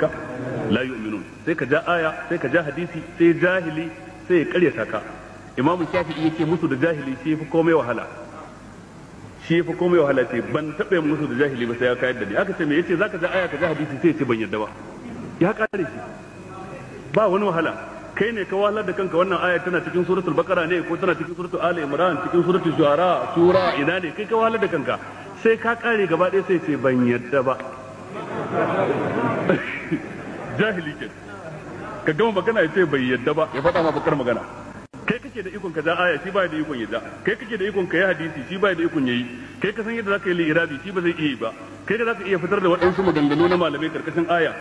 ka la yu'minun sai ka ja aya sai ka ja hadisi sai jahili sai ya karyata ka imamu shafi'i yake musu da jahili shi fi komai wahala shi fi komai wahala ce ban taɓa yin musu da jahili ba sai ya kayar da ni aka ce me yace zaka ja aya ka ja hadisi sai ce ban yarda ba ya kare shi ba wani wahala kai ne ka wahalar da kanka wannan aya tana cikin suratul baqara ne ko tana cikin suratul ali imran cikin suratul shu'ara sura ina ne kai ka wahalar da kanka sai ka kare gaba ɗaya sai ce ban yarda ba jahili ke ka gama magana ya ce bai yadda ba ya faɗa ma bakar magana kai kake da ikon ka ja aya shi ba da ikon ya da kai kake da ikon ka yi hadisi shi ba da ikon ya kai ka san yadda zaka yi li'irabi shi ba zai iya yi ba kai za zaka iya fitar da waɗansu maganganu na malamai karkashin aya